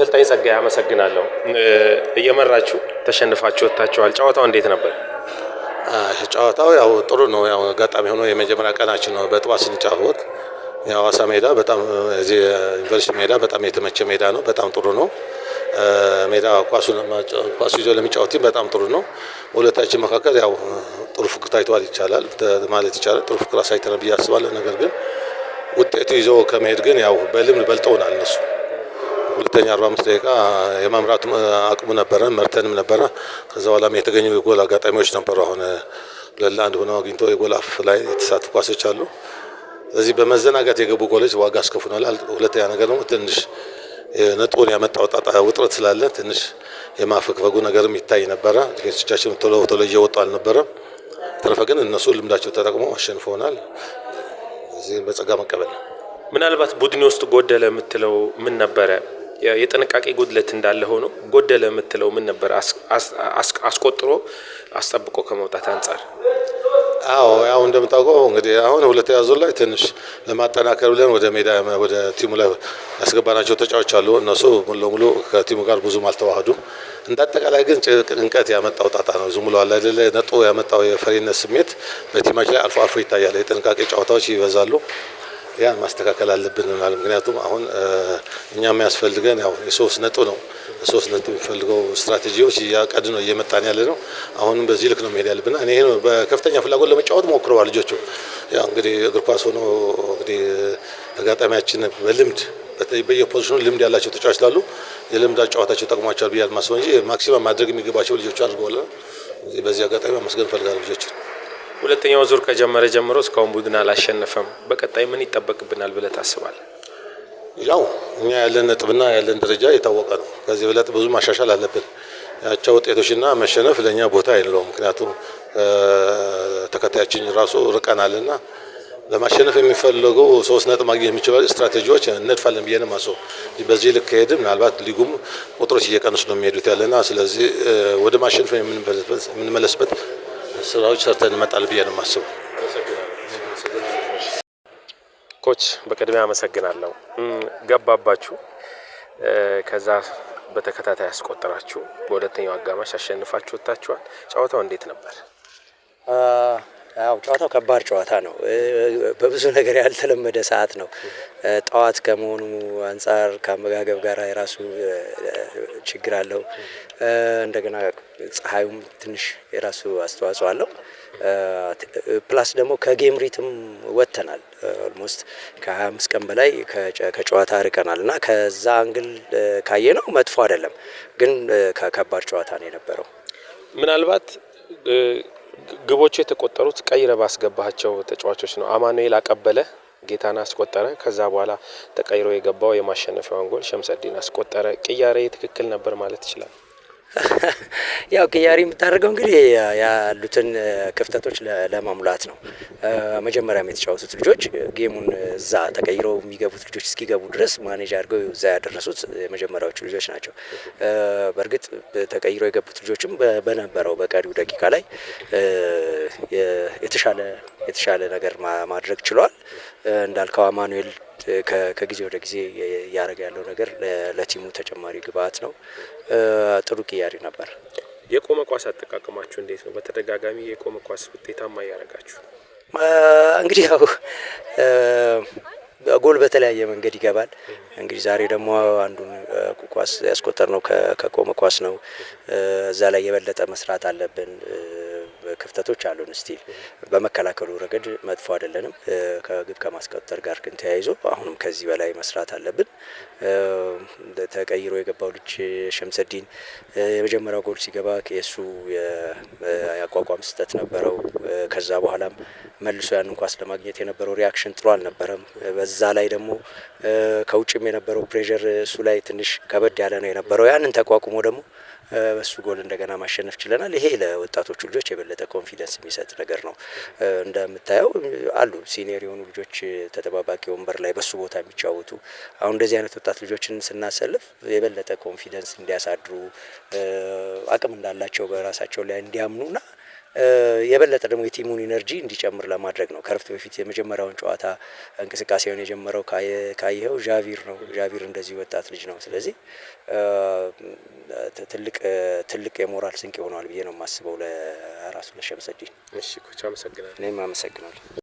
አሰልጣኝ ጸጋዬ አመሰግናለሁ። እየመራችሁ ተሸንፋችሁ ወጥታችኋል። ጨዋታው እንዴት ነበር? ጨዋታው ያው ጥሩ ነው። ያው አጋጣሚ ሆኖ የመጀመሪያ ቀናችን ነው በጠዋት ስንጫወት የሐዋሳ ሜዳ በጣም እዚህ ዩኒቨርሲቲ ሜዳ በጣም የተመቸ ሜዳ ነው። በጣም ጥሩ ነው ሜዳ ኳሱ ይዞ ለሚጫወት በጣም ጥሩ ነው። በሁለታችን መካከል ያው ጥሩ ፉክክር ታይቷል ይቻላል ማለት ይቻላል። ጥሩ ፉክክር አሳይተናል ብዬ አስባለሁ። ነገር ግን ውጤቱ ይዞ ከመሄድ ግን ያው በልምድ በልጠውናል እነሱ ሁለተኛ 45 ደቂቃ የማምራት አቅሙ ነበረ መርተንም ነበረ። ከዛ በኋላም የተገኙ የጎል አጋጣሚዎች ነበሩ። አሁን ሁለት ለአንድ ሆነው አግኝቶ የጎል አፍ ላይ የተሳቱ ኳሶች አሉ። ስለዚህ በመዘናጋት የገቡ ጎሎች ዋጋ አስከፍኖናል። ሁለተኛ ነገር ደግሞ ትንሽ ነጥቡን ያመጣው ጣጣ ውጥረት ስላለ ትንሽ የማፈግፈጉ ነገርም ይታይ ነበረ። ዲፌንሶቻችን ቶሎ ቶሎ እየወጡ አልነበረም። ተረፈ ግን እነሱ ልምዳቸው ተጠቅመው እዚህ በጸጋ መቀበል ምናልባት ቡድን ውስጥ ጎደለ የምትለው ምን ነበረ? የጥንቃቄ ጉድለት እንዳለ ሆኖ ጎደለ የምትለው ምን ነበር? አስቆጥሮ አስጠብቆ ከመውጣት አንጻር። አዎ ያው እንደምታውቀው እንግዲህ አሁን ሁለተኛ ዙር ላይ ትንሽ ለማጠናከር ብለን ወደ ሜዳ ወደ ቲሙ ላይ ያስገባናቸው ተጫዋቾች አሉ። እነሱ ሙሉ ለሙሉ ከቲሙ ጋር ብዙም አልተዋህዱም። እንዳጠቃላይ ግን ጭንቀት ያመጣው ጣጣ ነው። ዝም ብሎ አለ አይደለ ያመጣው የፈሪነት ስሜት በቲማች ላይ አልፎ አልፎ ይታያል። የጥንቃቄ ጨዋታዎች ይበዛሉ። ያን ማስተካከል አለብን ማለት ምክንያቱም አሁን እኛ የሚያስፈልገን ያው የሶስት ነጥብ ነው። ሶስት ነጥብ የሚፈልገው ስትራቴጂዎች እያቀድ ነው እየመጣን ያለ ነው። አሁንም በዚህ ልክ ነው መሄድ ያለብን። እኔ ይሄ በከፍተኛ ፍላጎት ለመጫወት ሞክረዋል ልጆቹ። ያው እንግዲህ እግር ኳስ ሆኖ እንግዲህ ተጋጣሚያችን በልምድ በየፖዚሽኑ ልምድ ያላቸው ተጫዋች ላሉ የልምድ ጨዋታቸው ጠቅሟቸዋል ብያል ማስበው እንጂ ማክሲማም ማድረግ የሚገባቸው ልጆቹ አድርገዋል። በዚህ አጋጣሚ አመስገን እፈልጋለሁ ልጆችን። ሁለተኛው ዙር ከጀመረ ጀምሮ እስካሁን ቡድን አላሸነፈም። በቀጣይ ምን ይጠበቅብናል ብለህ ታስባለህ? ያው እኛ ያለን ነጥብና ያለን ደረጃ የታወቀ ነው። ከዚህ በለጥ ብዙ ማሻሻል አለብን። ያቻ ውጤቶችና መሸነፍ ለእኛ ቦታ የለውም። ምክንያቱም ተከታያችን ራሱ ርቀናልና ለማሸነፍ የሚፈለገው ሶስት ነጥብ ማግኘት የሚችሉ ስትራቴጂዎች እነድፋለን ብዬ ነው የማስበው። በዚህ ልክ ከሄድ ምናልባት ሊጉም ቁጥሮች እየቀነሱ ነው የሚሄዱት ያለና ስለዚህ ወደ ማሸነፍ የምንመለስበት ስራዎች ሰርተን እንመጣል ብዬ ነው የማስበው። ኮች በቅድሚያ አመሰግናለሁ። ገባባችሁ፣ ከዛ በተከታታይ ያስቆጠራችሁ፣ በሁለተኛው አጋማሽ አሸንፋችሁ ወጥታችኋል። ጨዋታው እንዴት ነበር? አዎ ጨዋታው ከባድ ጨዋታ ነው። በብዙ ነገር ያልተለመደ ሰዓት ነው። ጠዋት ከመሆኑ አንጻር ከአመጋገብ ጋር የራሱ ችግር አለው። እንደገና ፀሐዩም ትንሽ የራሱ አስተዋጽኦ አለው። ፕላስ ደግሞ ከጌም ሪትም ወጥተናል። ኦልሞስት ከ25 ቀን በላይ ከጨዋታ ርቀናል እና ከዛ አንግል ካየ ነው መጥፎ አይደለም፣ ግን ከባድ ጨዋታ ነው የነበረው ምናልባት ግቦቹ የተቆጠሩት ቀይረ ባስገባቸው ተጫዋቾች ነው። አማኑኤል አቀበለ ጌታን አስቆጠረ። ከዛ በኋላ ተቀይሮ የገባው የማሸነፊያውን ጎል ሸምሰዲን አስቆጠረ። ቅያሬ ትክክል ነበር ማለት ይችላል። ያው ቅያሪ የምታደርገው እንግዲህ ያሉትን ክፍተቶች ለመሙላት ነው። መጀመሪያም የተጫወቱት ልጆች ጌሙን እዛ ተቀይረው የሚገቡት ልጆች እስኪገቡ ድረስ ማኔጅ አድርገው እዛ ያደረሱት የመጀመሪያዎቹ ልጆች ናቸው። በእርግጥ ተቀይረው የገቡት ልጆችም በነበረው በቀሪው ደቂቃ ላይ የተሻለ የተሻለ ነገር ማድረግ ችሏል። እንዳልከው አማኑኤል ከጊዜ ወደ ጊዜ እያደረገ ያለው ነገር ለቲሙ ተጨማሪ ግብአት ነው። ጥሩ ቅያሪ ነበር። የቆመ ኳስ አጠቃቀማችሁ እንዴት ነው? በተደጋጋሚ የቆመ ኳስ ውጤታማ እያደረጋችሁ እንግዲህ ያው ጎል በተለያየ መንገድ ይገባል። እንግዲህ ዛሬ ደግሞ አንዱን ኳስ ያስቆጠር ነው ከቆመ ኳስ ነው። እዛ ላይ የበለጠ መስራት አለብን። ክፍተቶች አሉን። ስቲል በመከላከሉ ረገድ መጥፎ አይደለንም። ከግብ ከማስቆጠር ጋር ግን ተያይዞ አሁንም ከዚህ በላይ መስራት አለብን። ተቀይሮ የገባው ልጅ ሸምሰዲን የመጀመሪያው ጎል ሲገባ የእሱ የአቋቋም ስህተት ነበረው። ከዛ በኋላም መልሶ ያንን ኳስ ለማግኘት የነበረው ሪያክሽን ጥሩ አልነበረም። በዛ ላይ ደግሞ ከውጭም የነበረው ፕሬዠር እሱ ላይ ትንሽ ከበድ ያለ ነው የነበረው። ያንን ተቋቁሞ ደግሞ በሱ ጎል እንደገና ማሸነፍ ችለናል። ይሄ ለወጣቶቹ ልጆች የበለጠ ኮንፊደንስ የሚሰጥ ነገር ነው። እንደምታየው አሉ ሲኒየር የሆኑ ልጆች ተጠባባቂ ወንበር ላይ በሱ ቦታ የሚጫወቱ አሁን እንደዚህ አይነት ወጣት ልጆችን ስናሰልፍ የበለጠ ኮንፊደንስ እንዲያሳድሩ አቅም እንዳላቸው በራሳቸው ላይ እንዲያምኑና የበለጠ ደግሞ የቲሙን ኢነርጂ እንዲጨምር ለማድረግ ነው። ከረፍት በፊት የመጀመሪያውን ጨዋታ እንቅስቃሴውን የጀመረው ካየኸው ዣቪር ነው። ዣቪር እንደዚህ ወጣት ልጅ ነው። ስለዚህ ትልቅ ትልቅ የሞራል ስንቅ ይሆነዋል ብዬ ነው የማስበው ለራሱ ለሸምሰዲን። እሺ ኮች አመሰግናለሁ። እኔም አመሰግናለሁ።